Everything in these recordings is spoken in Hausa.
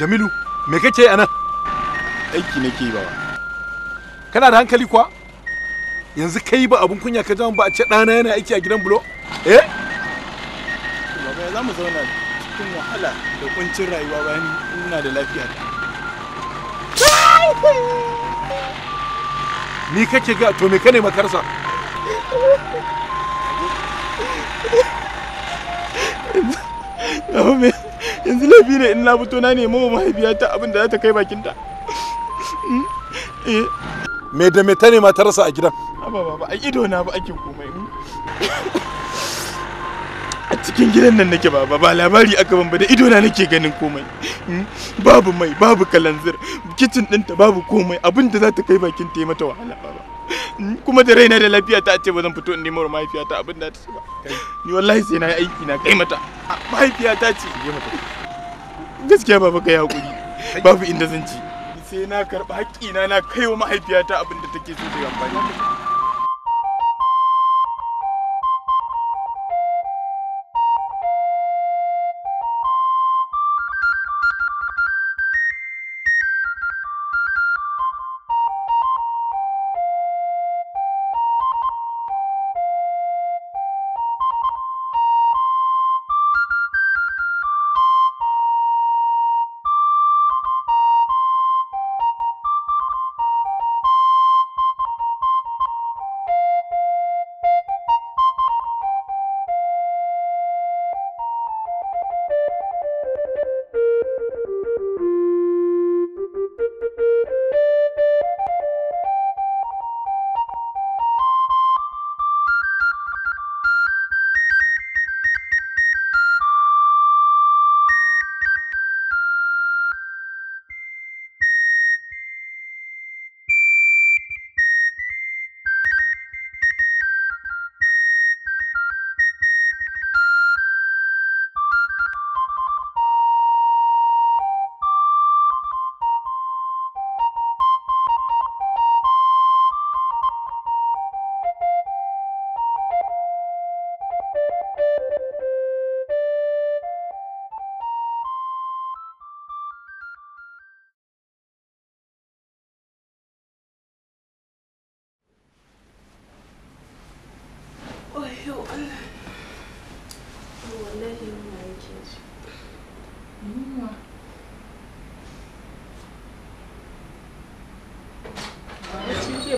Jamilu, me kake a nan? Aiki nake yi ba. Kana da hankali kuwa? Yanzu kai ba abun kunya ka ba a ce ɗana yana aiki a gidan bulo? Eh? Baba za mu zauna cikin wahala da kuncin rayuwa bayan ina da lafiya. Ni kake ga to me ka ne makarsa? Oh man. yanzu laifi ne in na na nemo wa mahaifiyata abin da za ta kai bakinta eh. me da me ta ne ta rasa a gidan ba ba a ido na ba ake komai a cikin gidan nan nake ba ba labari aka ban ba da ido na nake ganin komai hmm? babu mai babu kalanzir kitchen ɗinta babu komai abin da za ta kai bakin ta yi mata wahala ba kuma da raina da lafiya ta ce ba zan fito in nemo mahaifiya ta abin da ta ce ba ni wallahi sai na yi aiki na kai mata mahaifiya ta ce gaskiya baba kai hakuri babu inda zan ci sai na karɓi haƙƙina na kaiwa wa mahaifiyata abin da take so ta yi amfani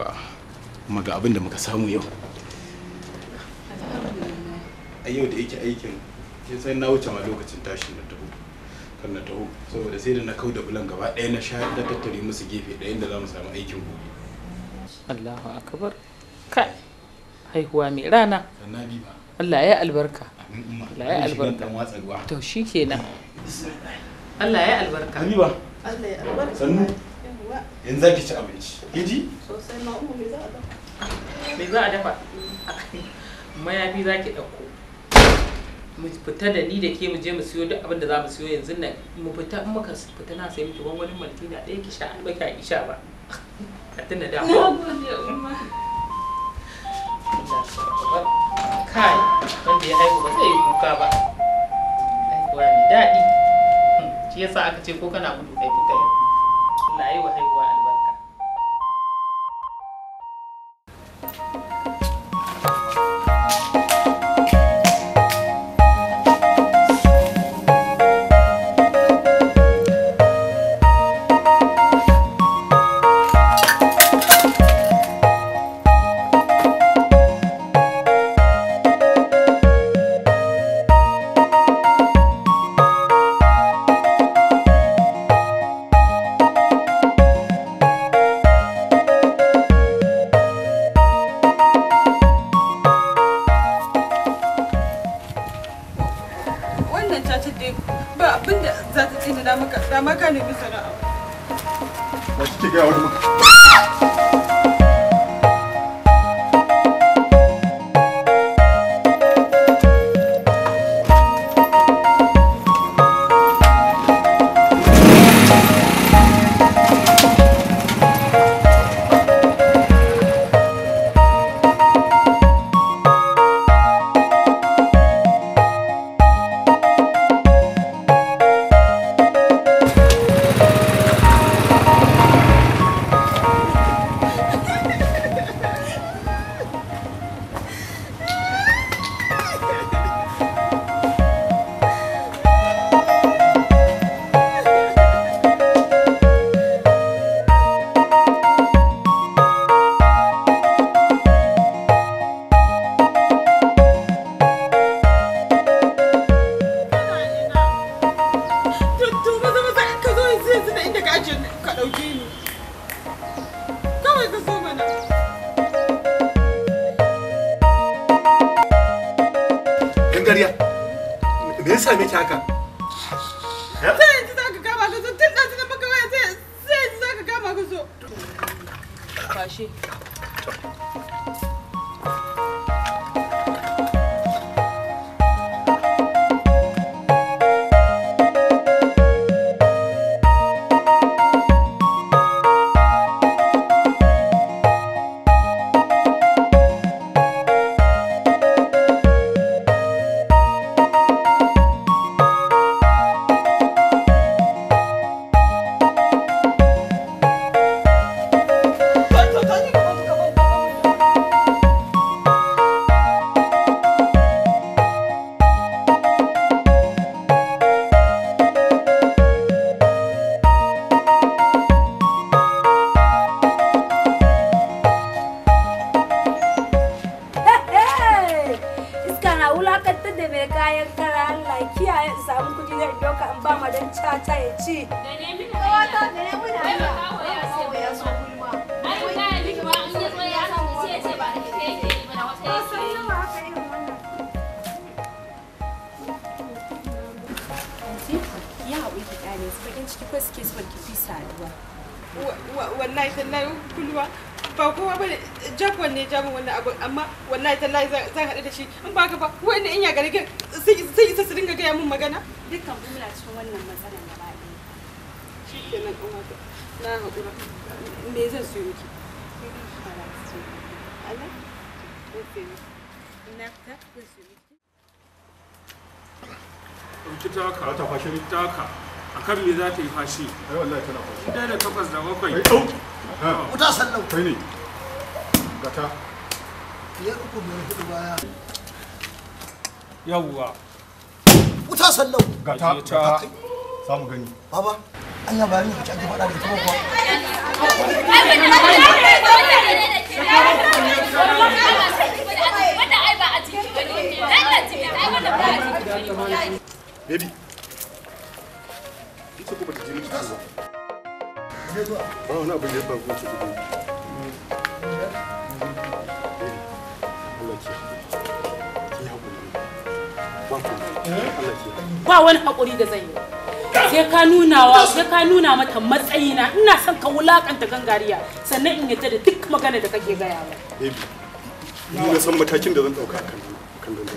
yawa kuma ga abin da muka samu yau a yau da yake aikin sai san na wuce ma lokacin tashin na taho kan na taho saboda sai da na kau da bulan gaba ɗaya na sha da tattare musu gefe ɗayan da za mu samu aikin gobe Allahu akbar kai haihuwa mai rana annabi ba Allah ya albarka Allah ya albarka dan to shikenan Allah ya albarka Habiba Allah ya albarka sannu yanzu za ki ci abinci kiji sosai na umu mai za a dafa mai za a dafa mayafi za ki ɗauko mu fita da ni da ke mu je mu siyo duk abin da za mu siyo yanzu nan mu fita in muka fita na sai miki wani na ɗaya ki sha an ki ki sha ba a tuna da mu kai wanda ya haihu ba zai yi kuka ba haihuwa mai daɗi hmm, shi yasa aka ce ko kana gudu kai kuka yi Allah ya yi wa haihuwa albarka. shekara Allah kiyaye in samu kuɗi zai in ba madan caca ya ci. Da nemi da wata da ya kuma. Ai ba ce ba da kike yake yi mana wata yake. Sai nawa haka irin wannan. Ya haƙuri ki su bakin ciki ko suke so ki fi saduwa. Wallahi tallahi kulwa ba kowa bane jakwan ne jamin wannan abun amma wallahi tallahi zan haɗu da shi in ba ka ba wani in ya gargin sai isa su dinga gaya min magana dukkan muna cikin wannan matsalar gaba ɗaya ke ɗan wata na haƙura me zan ta akan me za ta yi fashi ai wallahi tana fashi ɗaya da takwas da bakwai ai ɗau sallau kai ne gata uku hudu baya yawwa ta sallau ga ta ta samu gani baba Allah ba ni kike faɗa da kuma kuwa Baby, kuma ta jini ta zuwa. Ba wani abin da ya faru ko ba wani haƙuri da zai yi sai ka nuna wa sai ka nuna mata matsayina ina son ka wulakanta gangariya sannan in yadda da duk magana da kake gaya ba baby ni na san matakin da zan dauka kan kan baby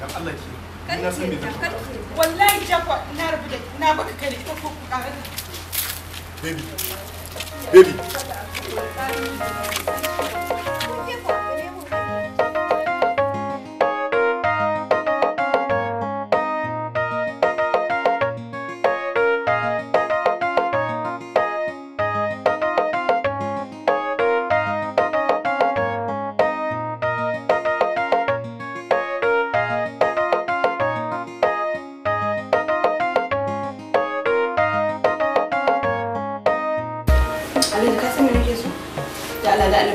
dan Allah ki ina san me zan wallahi jakwa ina rabu da ina baka kai ita ko ku ƙara baby baby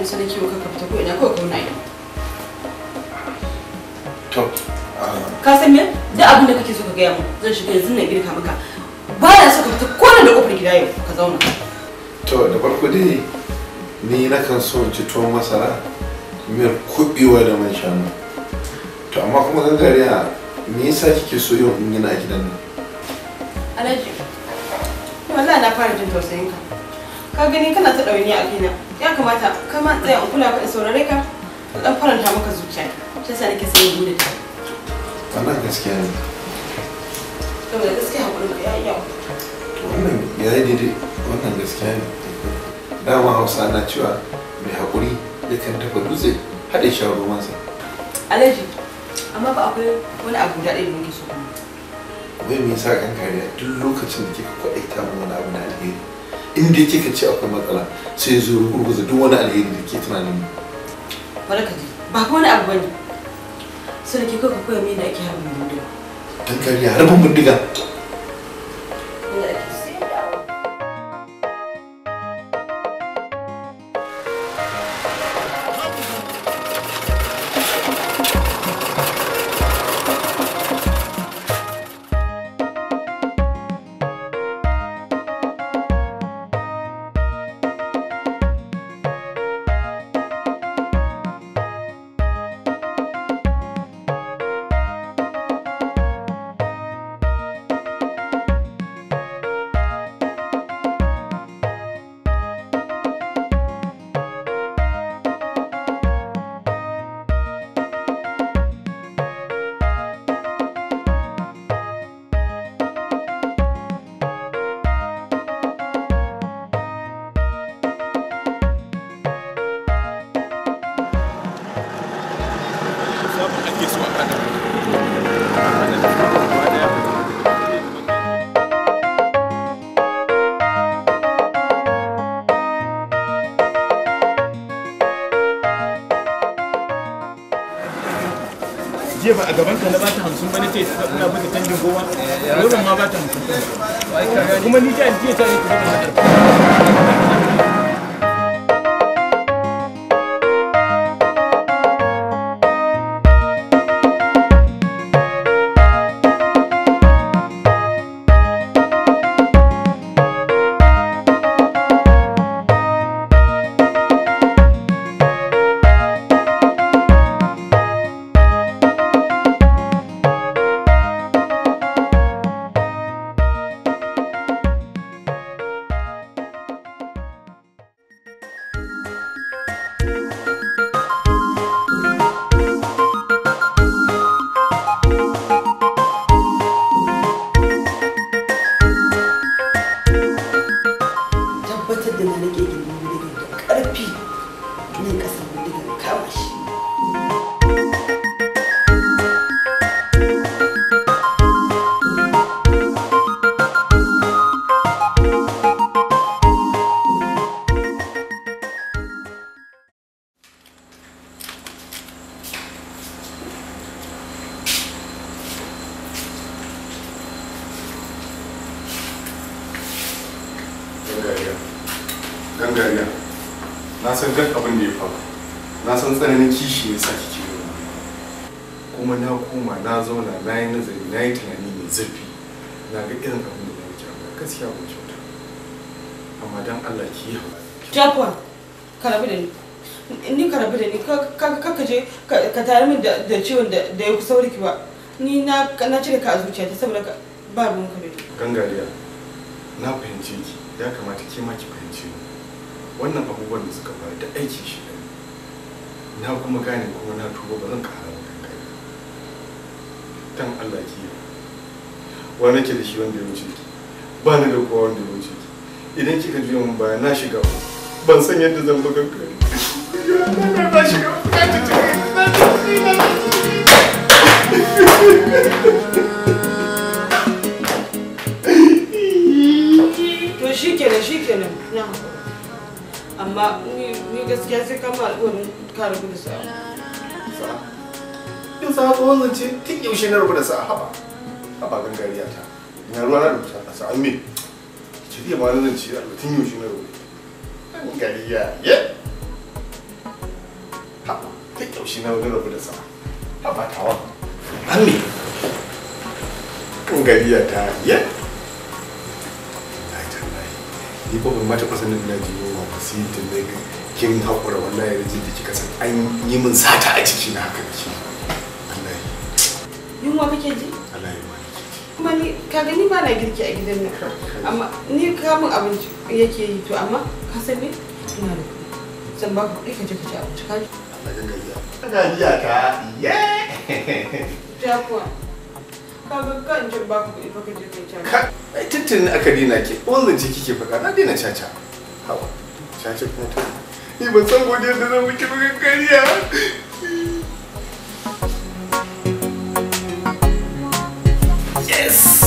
in sarki kiwo ka fita ko ina kawai na yi. to ka san me duk abin da kake so ka gaya mu zan shiga yanzu na girka maka ba ya so ka fita ko da kofar gida yau ka zauna to da farko dai ni na kan so ci tuwon masara miyar kuɓewa da man shanu to amma kuma gariya me yasa kike so yau in gina a gidan nan alhaji wallahi na fara jin tausayin ka ka gani kana ta ɗauni a kaina ya kamata kama tsaya in kula ka saurare ka in dan faranta maka zuciya ta, yasa nake sai in gudu ta wannan gaskiya ne da gaskiya hakuri ka yayi yau wannan yayi daidai wannan gaskiya ne dama hausa na cewa mai hakuri ya kan tafa dutse har ya sha ruwansa alhaji amma ba akwai wani abu da ɗaya da muke so wai me yasa kan kariya duk lokacin da kika kwaɗaita mun wani abu na alheri inda yake kace akwai matsala sai zo rubuta duk wani alheri da ke tunanin baraka ji ba ko wani abu bane sai da ke ka koya me da ake harbin bindiga dan kariya harbin bindiga gaban ka na ba ta hamsin ba na ce ina bata canjin goma goma ma ba ta hamsin kuma ni ta jiya ta ne ta irin abin da ya wuce amma gaskiya ba kyauta amma dan Allah ki yi Japan karabi da ni ni karabi da ni ka ka je ka tare min da ciwon da ya kusa warki ba ni na na cire ka a zuciyata saboda ba ruwan ka da gangariya na fahimce ki ya kamata ke ma ki fahimce ni wannan abubuwan da suka faru da aiki shi na kuma gane kuma na tuba ba zan ƙara wa kanka dan Allah ki yi wa nake da shi wanda ya wuce ba ni da kowa wanda ya wuce idan kika juya mun baya na shiga ku ban san yadda zan buga kai na shiga to shikenan shikenan na amma ni gaskiya sai kama alƙawarin ka rabu da sa'a sa'a in sa'a tsohon zance tun yaushe na rabu da sa'a haba a bagan gariya ta ina ruwa na rubuta a sa'an me ki riya ma nan ci a rubutun shi na rubuta gariya ye ha kai kyau shi na wani rubuta sa ha ba tawa an me gariya ta ye ni ba ban mata kusa na ina jiyo wa ba sai da kin haƙura wallahi da kika san an yi min sata a jiki na haka kike ni kaga ni ba na girki a gidan nan amma ni kamun abinci yake yi to amma ka san me ina da kuɗi zan ba ku kuɗi ka je ka ci abinci ka ji Allah ya ka ye jakuwa ka ga kan je ba ku kuɗi fa ka je ka ci abinci ai aka dina ke wannan ce kike faka na dina caca hawa caca kuma to ni ban san godiya da zan miki ba kariya. Yes!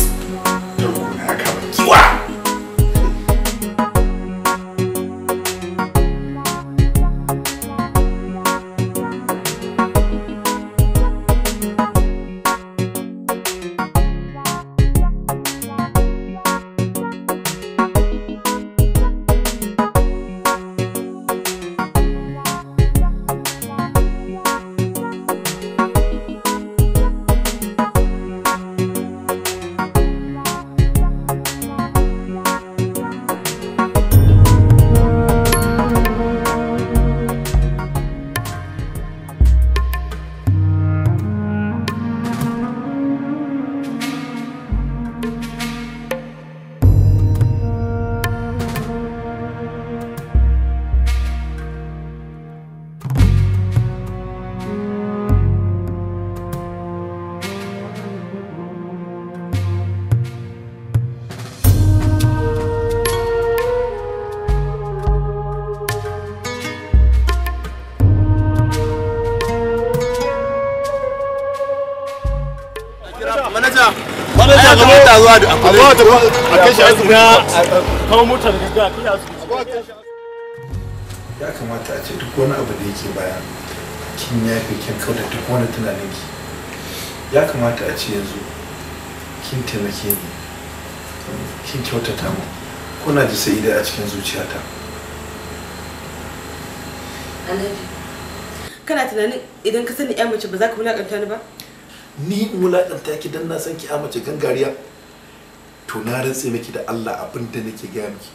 da abu da a kai shi asibiti kawo motar riga a kai asibiti ya kamata a ce duk wani abu da yake baya kin yafe kin kauda duk wani tunanin ki ya kamata a ce yanzu kin taimake ni kin kyautata mu kuna ji sai a cikin zuciyata alhaji kana tunanin idan ka sani ya mace ba za ka wulakanta ni ba ni wulaƙanta ki don na san ki ya mace gangariya to na rantse miki da Allah abin da nake ga miki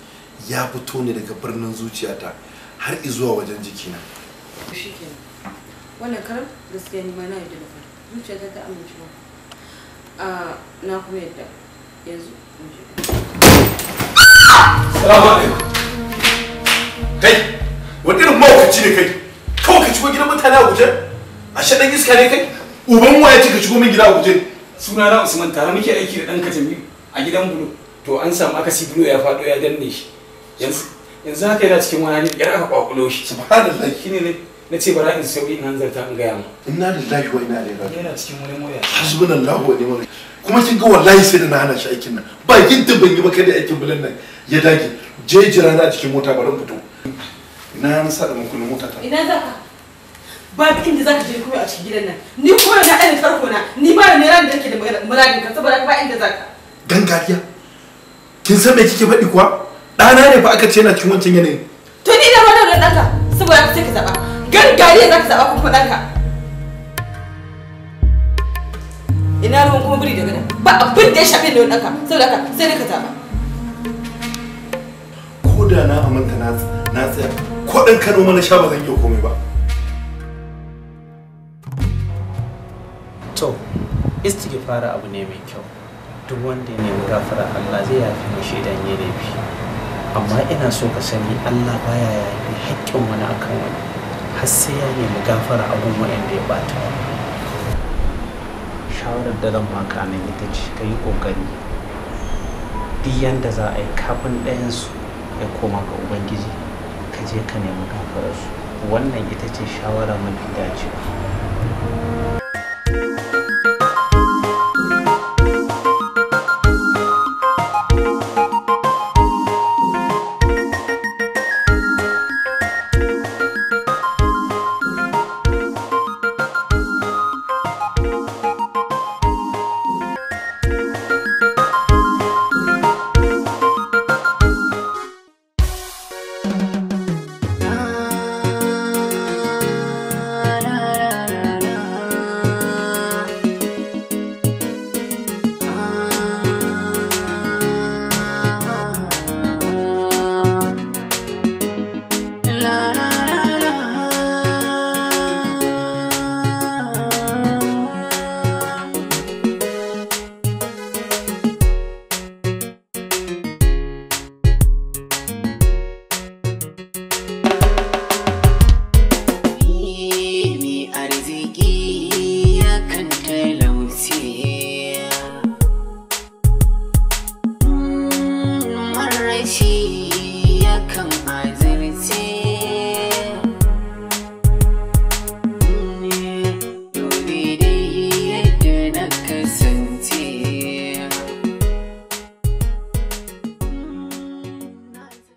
ya fito ne daga birnin zuciyata har izuwa wajen jikina shikenan wannan karam gaskiya ni ma na yi da fara zuciya ta ta amince ba a na kuma yadda yanzu mu je salamu alaikum kai wani irin mawakaci ne kai kawai ka shigo gidan mutane a guje a shaɗan iska ne kai uban waya ce ka shigo min gida a guje suna na usman tare muke aiki da ɗan ka jami'u a gidan bulu to an samu akasi bulu ya faɗo ya danne shi yanzu yanzu haka yana cikin wani hali aka kwakulo shi subhanallah shine ne na ce bara in sauyi in hanzarta in gaya mu inna lillahi wa inna ilaihi raji'un yana cikin wani moya hasbunallahu wa ni'mal kuma kin ga wallahi sai da na hana shi aikin nan ba gidda ban yi ba kada aikin bulan nan ya dage je jira na cikin mota bari in fito ina an sa da mukunin mota ta ina za ka ba bikin da zaka je kuma a cikin gidan nan ni kuma na ɗan tarko na ni ba ne ran da yake da muradin ka saboda ba inda zaka gangariya kin san me kike faɗi kuwa ɗana ne fa aka ce yana cikin wancan yanayin to ni da wannan da ɗanka saboda ka sai ka zaɓa gangariya za ka zaɓa kuma ɗanka ina ruwan kuma biri daga nan ba abin da ya shafe ne ɗanka saboda ka sai ne ka zaɓa ko da na aminta na tsaya ko ɗan kano mana sha ba zan iya komai ba to istighfara abu ne mai kyau duk wanda ne gafara Allah zai yafi mashi idan ya laifi amma ina so ka sani Allah baya yafi haƙƙin wani akan wani har sai ya nemi gafara abun wanda ya bata shawarar da zan baka nan ita ce ka yi ƙoƙari duk yanda za a yi kafin ɗayansu ya koma ga ubangiji ka je ka nemi gafararsu wannan ita ce shawara mafi dacewa